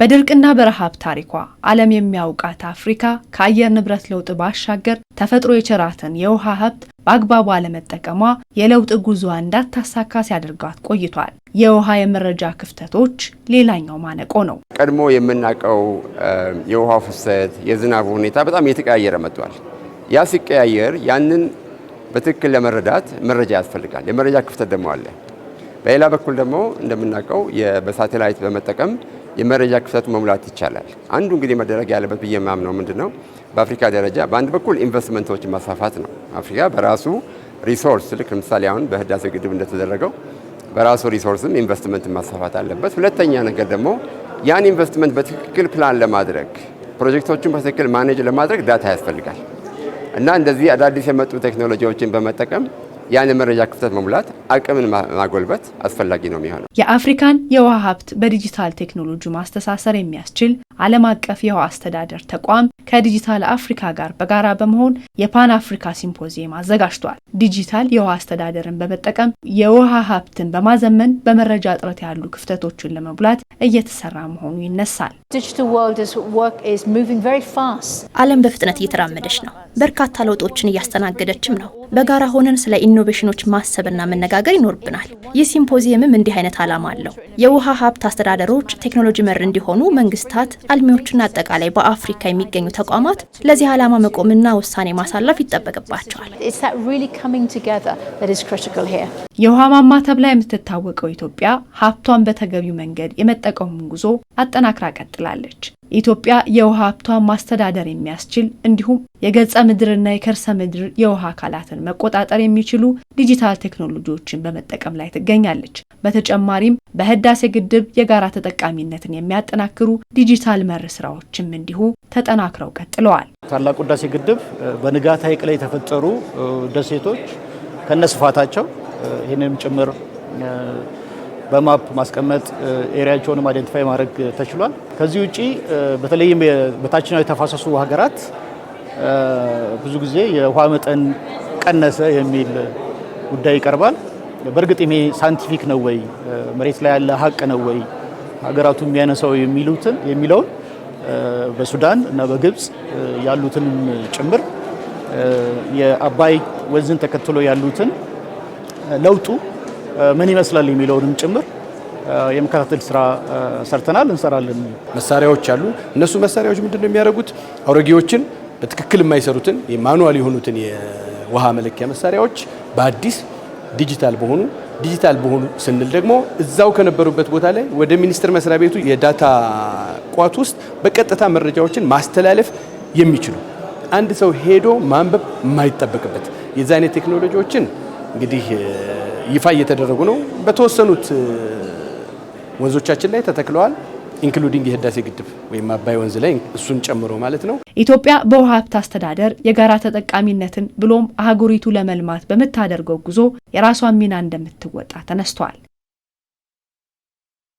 በድርቅና በረሃብ ታሪኳ ዓለም የሚያውቃት አፍሪካ ከአየር ንብረት ለውጥ ባሻገር ተፈጥሮ የቸራትን የውሃ ሀብት በአግባቡ አለመጠቀሟ የለውጥ ጉዞ እንዳታሳካ ሲያደርጋት ቆይቷል። የውሃ የመረጃ ክፍተቶች ሌላኛው ማነቆ ነው። ቀድሞ የምናውቀው የውሃው ፍሰት፣ የዝናቡ ሁኔታ በጣም እየተቀያየረ መጥቷል። ያ ሲቀያየር ያንን በትክክል ለመረዳት መረጃ ያስፈልጋል። የመረጃ ክፍተት ደግሞ አለ። በሌላ በኩል ደግሞ እንደምናውቀው በሳቴላይት በመጠቀም የመረጃ ክፍተቱ መሙላት ይቻላል። አንዱ እንግዲህ መደረግ ያለበት ብዬ ማምነው ምንድን ነው በአፍሪካ ደረጃ በአንድ በኩል ኢንቨስትመንቶች ማስፋፋት ነው። አፍሪካ በራሱ ሪሶርስ ልክ ለምሳሌ አሁን በህዳሴ ግድብ እንደተደረገው በራሱ ሪሶርስም ኢንቨስትመንት ማስፋፋት አለበት። ሁለተኛ ነገር ደግሞ ያን ኢንቨስትመንት በትክክል ፕላን ለማድረግ ፕሮጀክቶቹን በትክክል ማኔጅ ለማድረግ ዳታ ያስፈልጋል እና እንደዚህ አዳዲስ የመጡ ቴክኖሎጂዎችን በመጠቀም ያን መረጃ ክፍተት መሙላት አቅምን ማጎልበት አስፈላጊ ነው የሚሆነው። የአፍሪካን የውሃ ሀብት በዲጂታል ቴክኖሎጂ ማስተሳሰር የሚያስችል ዓለም አቀፍ የውሃ አስተዳደር ተቋም ከዲጂታል አፍሪካ ጋር በጋራ በመሆን የፓን አፍሪካ ሲምፖዚየም አዘጋጅቷል። ዲጂታል የውሃ አስተዳደርን በመጠቀም የውሃ ሀብትን በማዘመን በመረጃ እጥረት ያሉ ክፍተቶችን ለመሙላት እየተሰራ መሆኑ ይነሳል። ዓለም በፍጥነት እየተራመደች ነው። በርካታ ለውጦችን እያስተናገደችም ነው። በጋራ ሆነን ስለ ኢኖቬሽኖች ማሰብና መነጋገር ይኖርብናል። ይህ ሲምፖዚየምም እንዲህ አይነት ዓላማ አለው። የውሃ ሀብት አስተዳደሮች ቴክኖሎጂ መር እንዲሆኑ መንግስታት አልሚዎችና አጠቃላይ በአፍሪካ የሚገኙ ተቋማት ለዚህ ዓላማ መቆምና ውሳኔ ማሳለፍ ይጠበቅባቸዋል። የውሃ ማማ ተብላ የምትታወቀው ኢትዮጵያ ሀብቷን በተገቢው መንገድ የመጠቀሙን ጉዞ አጠናክራ ቀጥላለች። ኢትዮጵያ የውሃ ሀብቷን ማስተዳደር የሚያስችል እንዲሁም የገጸ ምድርና የከርሰ ምድር የውሃ አካላትን መቆጣጠር የሚችሉ ዲጂታል ቴክኖሎጂዎችን በመጠቀም ላይ ትገኛለች። በተጨማሪም በህዳሴ ግድብ የጋራ ተጠቃሚነትን የሚያጠናክሩ ዲጂታል መር ስራዎችም እንዲሁ ተጠናክረው ቀጥለዋል። ታላቁ ህዳሴ ግድብ በንጋት ሐይቅ ላይ የተፈጠሩ ደሴቶች ከነስፋታቸው ይህንም ጭምር በማፕ ማስቀመጥ ኤሪያቸውንም አይደንቲፋይ ማድረግ ተችሏል። ከዚህ ውጪ በተለይም በታችኛው የተፋሰሱ ሀገራት ብዙ ጊዜ የውሃ መጠን ቀነሰ የሚል ጉዳይ ይቀርባል። በእርግጥ ይሄ ሳይንቲፊክ ነው ወይ መሬት ላይ ያለ ሀቅ ነው ወይ ሀገራቱ የሚያነሳው የሚሉትን የሚለውን በሱዳን እና በግብፅ ያሉትንም ጭምር የአባይ ወንዝን ተከትሎ ያሉትን ለውጡ ምን ይመስላል የሚለውንም ጭምር የመከታተል ስራ ሰርተናል፣ እንሰራለን። መሳሪያዎች አሉ። እነሱ መሳሪያዎች ምንድን ነው የሚያደርጉት? አውረጌዎችን በትክክል የማይሰሩትን የማኑዋል የሆኑትን የውሃ መለኪያ መሳሪያዎች በአዲስ ዲጂታል በሆኑ ዲጂታል በሆኑ ስንል ደግሞ እዛው ከነበሩበት ቦታ ላይ ወደ ሚኒስቴር መስሪያ ቤቱ የዳታ ቋት ውስጥ በቀጥታ መረጃዎችን ማስተላለፍ የሚችሉ አንድ ሰው ሄዶ ማንበብ የማይጠበቅበት አይነት ቴክኖሎጂዎችን እንግዲህ ይፋ እየተደረጉ ነው። በተወሰኑት ወንዞቻችን ላይ ተተክለዋል። ኢንክሉዲንግ የህዳሴ ግድብ ወይም አባይ ወንዝ ላይ እሱን ጨምሮ ማለት ነው። ኢትዮጵያ በውሃ ሀብት አስተዳደር የጋራ ተጠቃሚነትን ብሎም አህጉሪቱ ለመልማት በምታደርገው ጉዞ የራሷን ሚና እንደምትወጣ ተነስቷል።